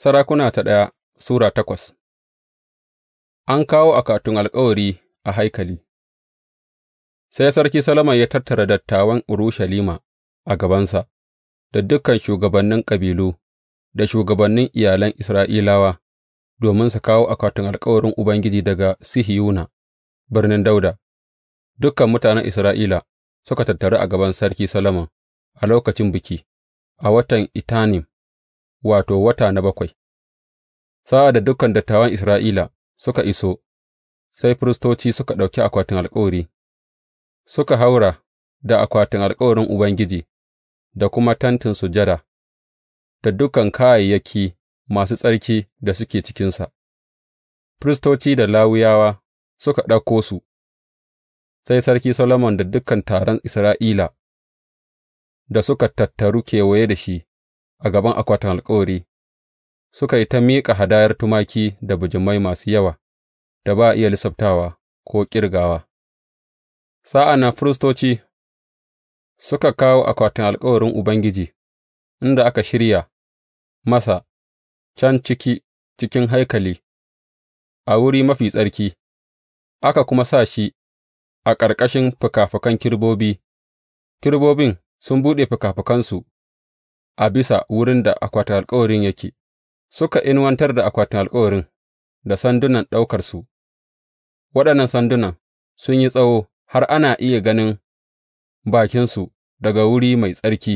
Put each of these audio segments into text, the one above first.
Sarakuna ta ɗaya Sura takwas An kawo akatun alkawari a haikali Sai Sarki Salaman ya tattara dattawan Urushalima a gabansa, da dukan shugabannin kabilu, da shugabannin iyalan Isra'ilawa, domin su kawo akwatin alkawarin Ubangiji daga Sihiyuna birnin Dauda. Dukan mutanen Isra'ila suka tattaru a gaban Sarki salama a lokacin biki, a watan Itanim. wato, wata na bakwai. Sa'ad da dukan dattawan Isra'ila suka iso, sai firistoci suka ɗauki akwatin alkawari, suka haura da akwatin alkawarin Ubangiji da kuma tantin sujada, da dukan kayayyaki masu tsarki da suke cikinsa, firistoci da lawuyawa suka ɗauko su, sai Sarki Solomon da dukan taron Isra'ila da suka tattaru kewaye da shi a gaban akwatin alkawari suka yi ta miƙa hadayar tumaki da bijimai masu yawa da ba a iya lissaftawa ko ƙirgawa. Sa'an nan firistoci suka kawo akwatin alkawarin Ubangiji inda aka shirya masa can ciki cikin haikali a wuri mafi tsarki, aka kuma sa shi a ƙarƙashin fikafikan kirbobi kerubobin sun buɗe fikafikansu a bisa wurin da akwatin alkawarin yake, suka inuwantar da akwatin alkawarin da sandunan ɗaukarsu, waɗannan sandunan sun yi tsawo har ana iya ganin bakinsu daga wuri mai tsarki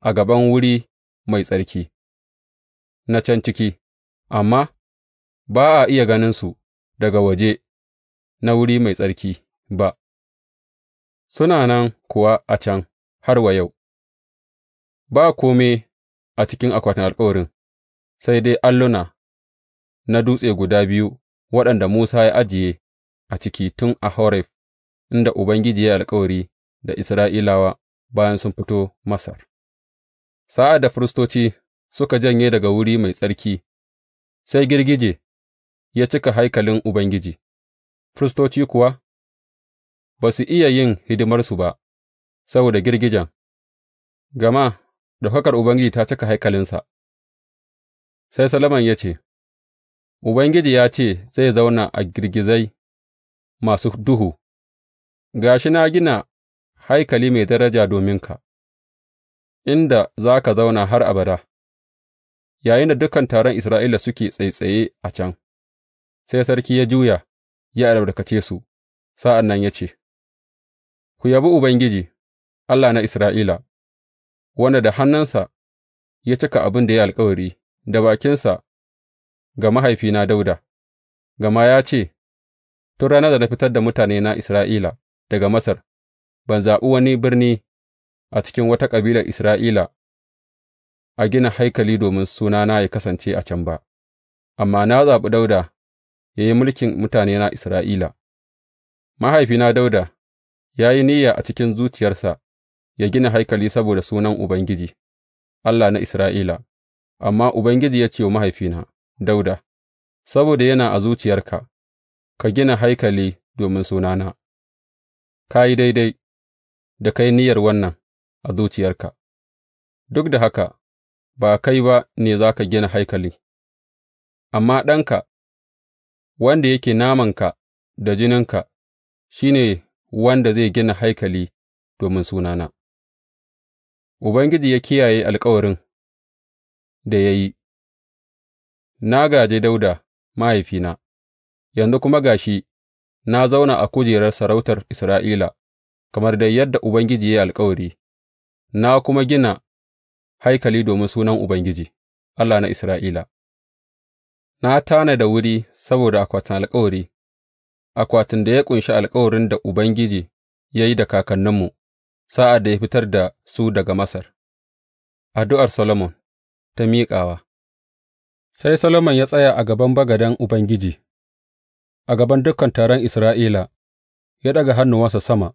a gaban wuri mai tsarki na can ciki, amma ba a iya ganinsu daga waje na wuri mai tsarki ba, suna nan kuwa a can har wa yau. ba kome a cikin akwatin alkawarin sai dai alluna na dutse guda biyu waɗanda Musa ya ajiye a ciki tun a Horeb, inda Ubangiji ya yi alkawari da Isra'ilawa bayan sun fito Masar. Sa'ad da firistoci suka janye daga wuri mai tsarki, sai girgije ya cika haikalin Ubangiji, firistoci kuwa ba su iya yin hidimarsu ba saboda girgijen, gama ɗaukakar Ubangiji ta cika haikalinsa. Sai Solomon ya ce, Ubangiji ya ce zai zauna a girgizai masu duhu, ga shi na gina haikali mai daraja dominka, inda za ka zauna har abada, yayinda dukan taron Isra'ila suke tsaitsaye a can, sai sarki ya juya ya albarkace su, sa'an nan ya ce, Ku yabi Ubangiji, Allah na Isra'ila. wanda da hannunsa ya cika abin da ya yi alkawari da bakinsa ga mahaifina Dauda, gama ya ce, Tun ranar da na fitar da mutanena Isra'ila daga Masar, ban zaɓi wani birni a cikin wata kabilar Isra'ila a gina haikali domin sunana ya kasance a can ba, amma na zaɓi Dauda ya yi mulkin mutanena Isra'ila. Mahaifina Dauda ya yi niyya a cikin zuciyarsa ya gina haikali saboda sunan Ubangiji, Allah na Isra'ila, amma Ubangiji ya ce wa mahaifina, Dauda, saboda yana a zuciyarka, ka gina haikali domin sunana, ka yi daidai da kai niyyar wannan a zuciyarka, duk da haka ba kai ba ne za ka gina haikali, amma ɗanka, wanda yake namanka da jininka, shi ne wanda zai gina haikali domin sunana. Ubangiji ya kiyaye alkawarin da ya yi, Na gāje Dauda, mahaifina, yanzu kuma ga shi na zauna a kujerar sarautar Isra'ila, kamar dai yadda Ubangiji ya yi alkawari, na kuma gina haikali domin Sunan Ubangiji, Allah na Isra'ila, na tana da wuri saboda akwatin alkawari, akwatin da ya ƙunshi alkawarin da Ubangiji ya yi da kakanninmu. sa'ad da ya fitar da su daga Masar, addu'ar Solomon ta miƙawa Sai Solomon ya tsaya a gaban Bagadan Ubangiji, a gaban dukan taron Isra'ila, ya ɗaga hannuwansa sama,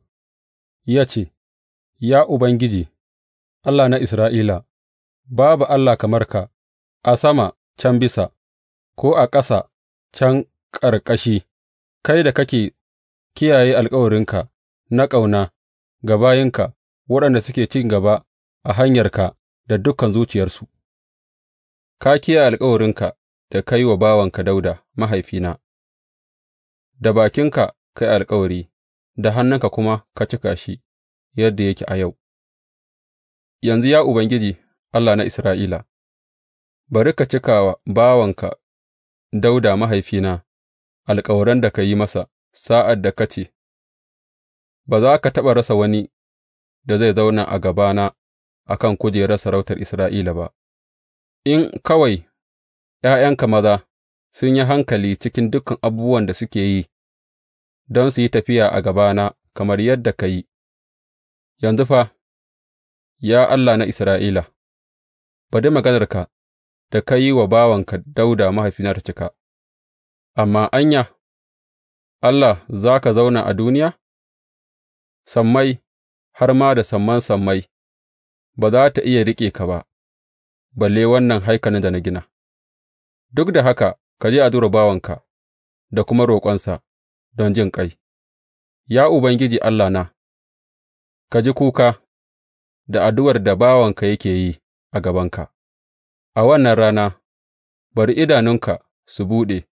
ya ce, Ya Ubangiji, Allah na Isra'ila, babu Allah kamar ka a sama can bisa, ko a ƙasa can ƙarƙashi, kai da kake kiyaye alkawarinka na ƙauna ga bayinka waɗanda suke cin gaba a hanyarka da dukan zuciyarsu, ka kiyaye alkawarinka da ka yi wa bawanka Dauda mahaifina, da bakinka ka yi alkawari, da hannunka kuma ka cika shi yadda yake a yau. Yanzu, ya Ubangiji, Allah na Isra'ila, bari ka cika wa bawanka Dauda mahaifina alkawaran da ka yi masa sa'ad da ka ce, ba za ka taɓa rasa wani da zai zauna a gabana a kan kujerar sarautar Isra'ila ba, in kawai ’ya'yanka maza sun yi hankali cikin dukan abubuwan da suke yi don su yi tafiya a gabana kamar yadda ka yi, yanzu fa, ya Allah na Isra'ila, bari maganarka da ka yi wa bawanka Dauda mahaifina ta cika, amma anya, Allah za ka zauna a duniya? sammai, har ma da saman sammai, ba za ta iya riƙe ka ba, balle wannan haikalin da na gina, duk da haka ka ji adura bawanka da kuma roƙonsa don jin ƙai. ya Ubangiji Allahna, ka ji kuka da addu'ar da bawanka yake yi a gabanka, a wannan rana, bari idanunka su buɗe,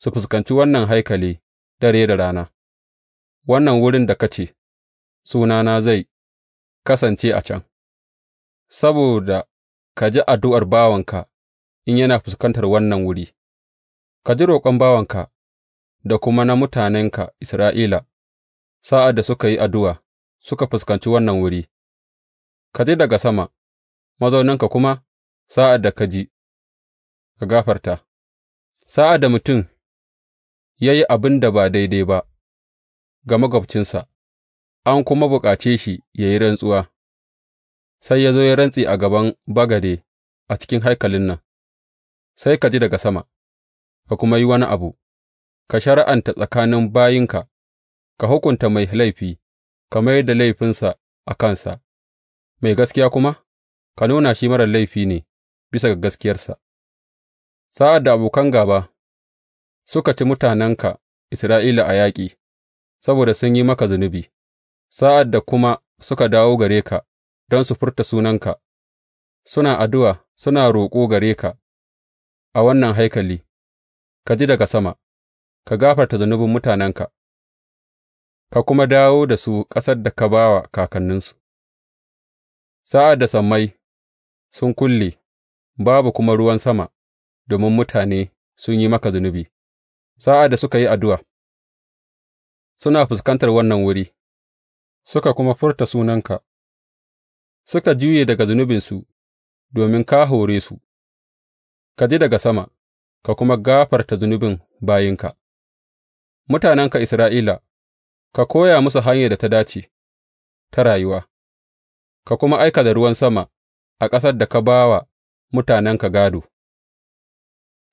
su fuskanci wannan haikali dare da rana. wannan wurin da ka ce, Sunana zai kasance a can, saboda ka ji addu'ar bawanka in yana fuskantar wannan wuri, ka ji roƙon bawanka da kuma na mutanenka Isra'ila sa'ad da suka yi addu'a suka fuskanci wannan wuri, ka ji daga sama, mazauninka kuma sa'ad da ka ji, ka gafarta, sa'ad da mutum ya yi abin da ba daidai ba. ga maƙwabcinsa, an kuma bukace shi ya yi rantsuwa, sai ya zo ya rantse a gaban bagade a cikin haikalin nan, sai ka ji daga sama, ka kuma yi wani abu, ka shari'anta tsakanin bayinka, ka hukunta mai laifi, ka mayar da laifinsa a kansa, mai gaskiya kuma, ka nuna shi marar laifi ne bisa ga gaskiyarsa. Sa'ad da abokan gaba. suka ci mutanenka Isra'ila a yaƙi, saboda sun yi maka zunubi, sa'ad da kuma suka dawo gare ka don su furta sunanka, suna addu'a suna roƙo gare ka a wannan haikali, ka ji daga sama, ka gafarta zunubin mutanenka, ka kuma dawo da su ƙasar da ka ba wa kakanninsu. Sa'ad da sammai sun kulle, babu kuma ruwan sama, domin mutane sun yi maka zunubi, sa'ad da suka yi addu'a. suna fuskantar wannan wuri, suka kuma furta sunanka, suka juye daga zunubinsu domin ka hore su, ka ji daga sama, ka kuma gafarta zunubin bayinka, mutanenka Isra'ila, ka koya musu hanyar da ta dace ta rayuwa, ka kuma aika da ruwan sama a ƙasar da ka ba wa mutanenka gado.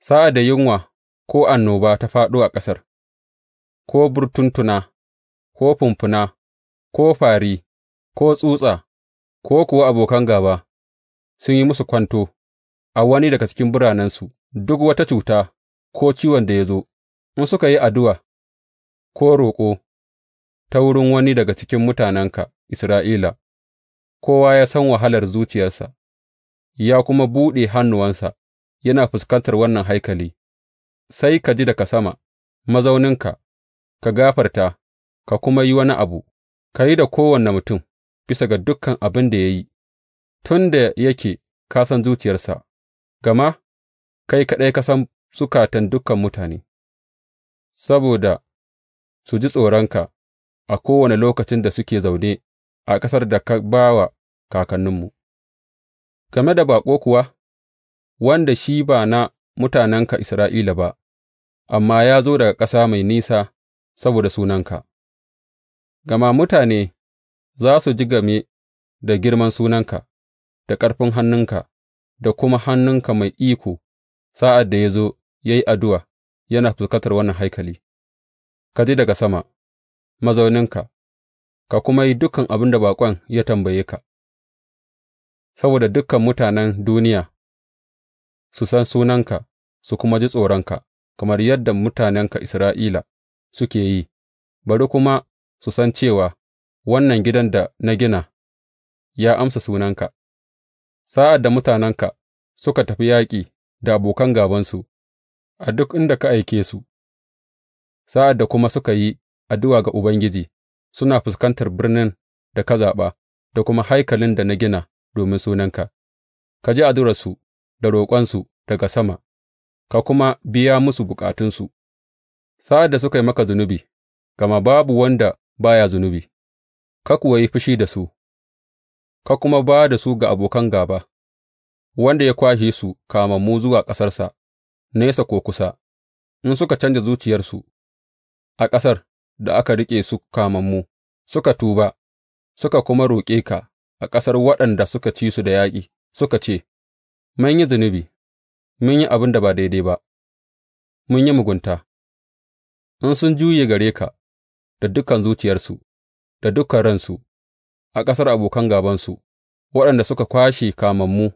sa'ad da yunwa ko annoba ta faɗo a ƙasar. ko burtuntuna, ko fumfuna, ko fari, ko tsutsa, ko kuwa abokan gaba, sun yi musu kwanto a wani daga cikin biranensu, duk wata cuta ko ciwon da ya zo, in suka yi addu'a ko roƙo ta wurin wani daga cikin mutanenka Isra'ila, kowa ya san wahalar zuciyarsa, ya kuma buɗe hannuwansa yana fuskantar wannan haikali, sai ka ji daga sama, mazauninka. ka gafarta, ka kuma yi wani abu, ka yi da kowane mutum bisa ga dukan abin da ya yi, tun da yake ka san zuciyarsa, gama kai kaɗai ka san zukatan dukan mutane, saboda su ji tsoronka a kowane lokacin da suke zaune a ƙasar da ka ba wa kakanninmu. Game da baƙo kuwa, wanda shi ba na mutanenka Isra'ila ba, amma ya zo daga ƙasa mai nisa saboda sunanka, gama mutane za su ji game da girman sunanka, da ƙarfin hannunka, da kuma hannunka mai iko sa'ad da ya zo ya yi addu'a yana fuskantar wannan haikali, ka ji daga sama, mazauninka, ka kuma yi dukan abin da baƙon ya tambaye ka, saboda dukan mutanen duniya su san sunanka su kuma ji tsoronka, kamar yadda mutanenka Isra'ila suke yi, bari kuma su san cewa wannan gidan da na gina ya amsa sunanka, sa'ad da mutanenka suka tafi yaƙi da abokan gābansu a duk inda ka aike su, sa'ad da kuma suka yi addu'a ga Ubangiji suna fuskantar birnin da ka zaɓa da kuma haikalin da na gina domin sunanka, ka ji addu'arsu da roƙonsu daga sama, ka kuma biya musu bukatunsu. sa'ad da suka yi maka zunubi, gama babu wanda ba ya zunubi, ka kuwa yi fushi da su, ka kuma ba da su ga abokan gaba. wanda ya kwashe su kamammu zuwa ƙasarsa, nesa ko kusa, in suka canja zuciyarsu a ƙasar da aka riƙe su kamammu, suka tuba, suka kuma roƙe ka a ƙasar waɗanda suka ci su da yaƙi, suka ce, Mun yi zunubi, mun yi abin da ba daidai ba, mun yi mugunta. in sun juye gare ka da dukan zuciyarsu da dukan ransu a ƙasar abokan gābansu, waɗanda suka kwashe kamammu,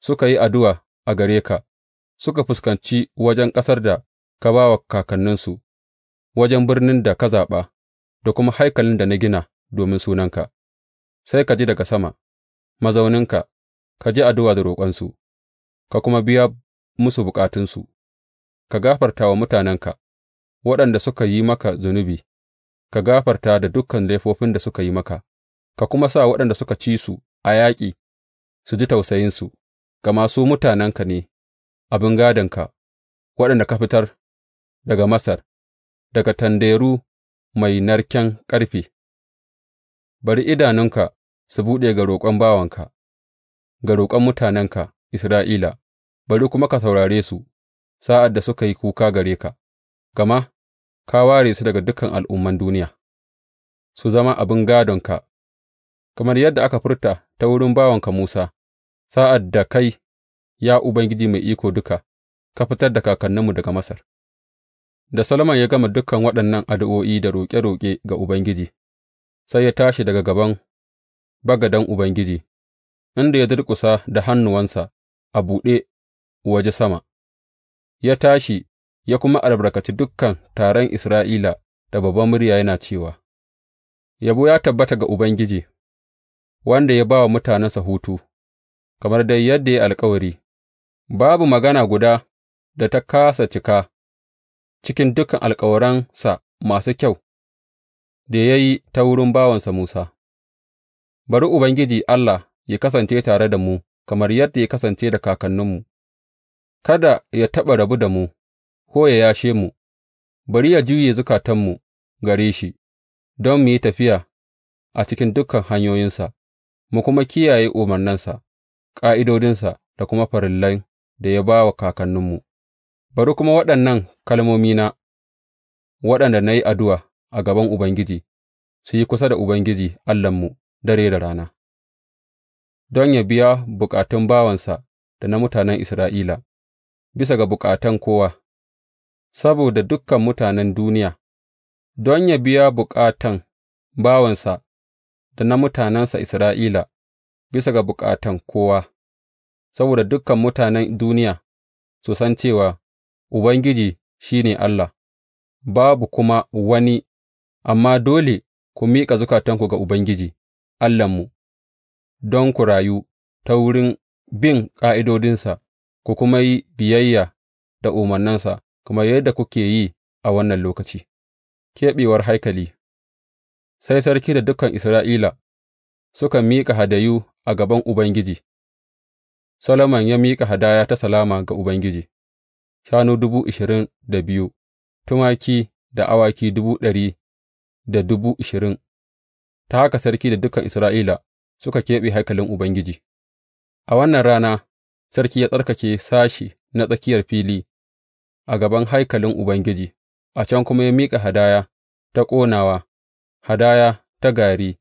suka yi addu'a a gare ka, suka fuskanci wajen ƙasar da ka ba wa kakanninsu, wajen birnin da ka zaɓa, da kuma haikalin da na gina domin sunanka, sai ka ji daga sama, mazauninka, ka ji addu'a da roƙonsu, ka kuma biya musu bukatunsu, ka gafarta wa mutanenka. waɗanda suka yi maka zunubi, ka gafarta da dukan laifofin da suka yi maka, ka kuma sa waɗanda suka ci su a yaƙi su ji tausayinsu, gama su mutanenka ne, abin gādonka, waɗanda ka fitar daga Masar, daga tanderu mai narken ƙarfe. Bari idanunka su buɗe ga roƙon bawanka, ga roƙon mutanenka Isra'ila, bari kuma ka saurare su sa'ad da suka yi kuka gare ka. gama ka ware su daga dukan al'umman duniya su zama abin gādonka, kamar yadda aka furta ta wurin bawanka Musa, sa'ad da kai, ya Ubangiji Mai Iko Duka, ka fitar da kakanninmu daga Masar. Da Solomon ya gama dukan waɗannan addu'o'i da roƙe-roƙe ga Ubangiji, sai ya tashi daga gaban bagadan Ubangiji, inda ya durƙusa da hannuwansa a buɗe waje sama, ya tashi ya kuma albarkaci dukan taron Isra'ila da babban murya yana cewa, Yabo ya tabbata ga Ubangiji, wanda ya ba wa mutanensa hutu, kamar dai yadda ya alkawari, babu magana guda da ta kasa cika cikin dukan alkawaransa masu kyau da ya yi ta wurin bawansa Musa. Bari Ubangiji Allah ya kasance tare da mu kamar yadda ya kasance da kakanninmu, kada ya taɓa rabu da mu. ko ya yashe mu, bari ya juye zukatanmu gare shi, don mu yi tafiya a cikin dukan hanyoyinsa, mu kuma kiyaye umarnansa, ƙa'idodinsa da kuma farillan da ya ba wa kakanninmu, bari kuma waɗannan kalmomina, waɗanda na yi addu'a a gaban Ubangiji, su yi kusa da Ubangiji Allahnmu dare da rana, don ya biya bukatun bawansa da na mutanen Isra'ila, bisa ga bukatan kowa. saboda dukan mutanen duniya, don yă biya bukatan bawansa da na mutanensa Isra'ila bisa ga bukatan kowa, saboda dukan mutanen duniya su san cewa Ubangiji shi ne Allah, babu kuma wani, amma dole ku miƙa zukatanku ga Ubangiji Allahnmu don ku rayu ta wurin bin ƙa'idodinsa ku kuma yi biyayya da umarnansa. kamar yadda kuke yi a wannan lokaci, keɓewar haikali, sai sarki da dukan Isra'ila suka miƙa hadayu a gaban Ubangiji, Solomon ya miƙa hadaya ta salama ga Ubangiji, shanu dubu ishirin da biyu, tumaki da awaki dubu ɗari da dubu ashirin, ta haka sarki da dukan Isra'ila suka keɓe haikalin Ubangiji. A wannan rana, sarki ya tsarkake sashi na tsakiyar fili a gaban haikalin Ubangiji, a can kuma ya miƙa hadaya ta ƙonawa, hadaya ta gari,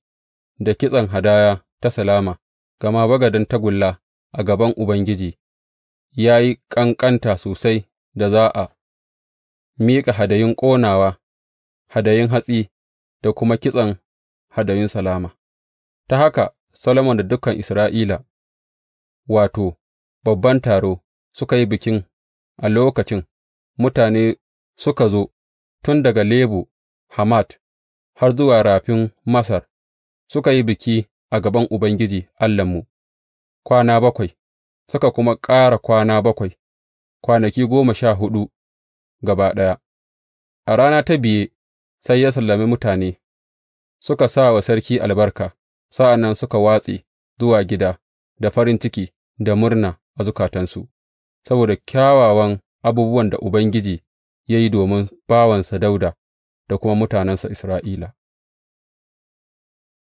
da kitsen hadaya ta salama, gama bagaden tagulla a gaban Ubangiji ya yi ƙanƙanta sosai da za a miƙa hadayin ƙonawa, hadayin hatsi da kuma kitsen hadayun salama. Ta haka Solomon da dukan Isra'ila, wato, babban taro, suka yi bikin a lokacin mutane suka zo tun daga Lebo Hamat har zuwa rafin Masar, suka yi biki a gaban Ubangiji Allahnmu kwana bakwai, suka kuma ƙara kwana bakwai, kwanaki goma sha huɗu gaba ɗaya. A rana ta biye sai ya sallami mutane, suka sa wa sarki albarka, sa'an nan suka watse zuwa gida da farin ciki da murna a zukatansu saboda kyawawan abubuwan da Ubangiji ya yi domin bawansa Dawuda da kuma mutanensa Isra'ila.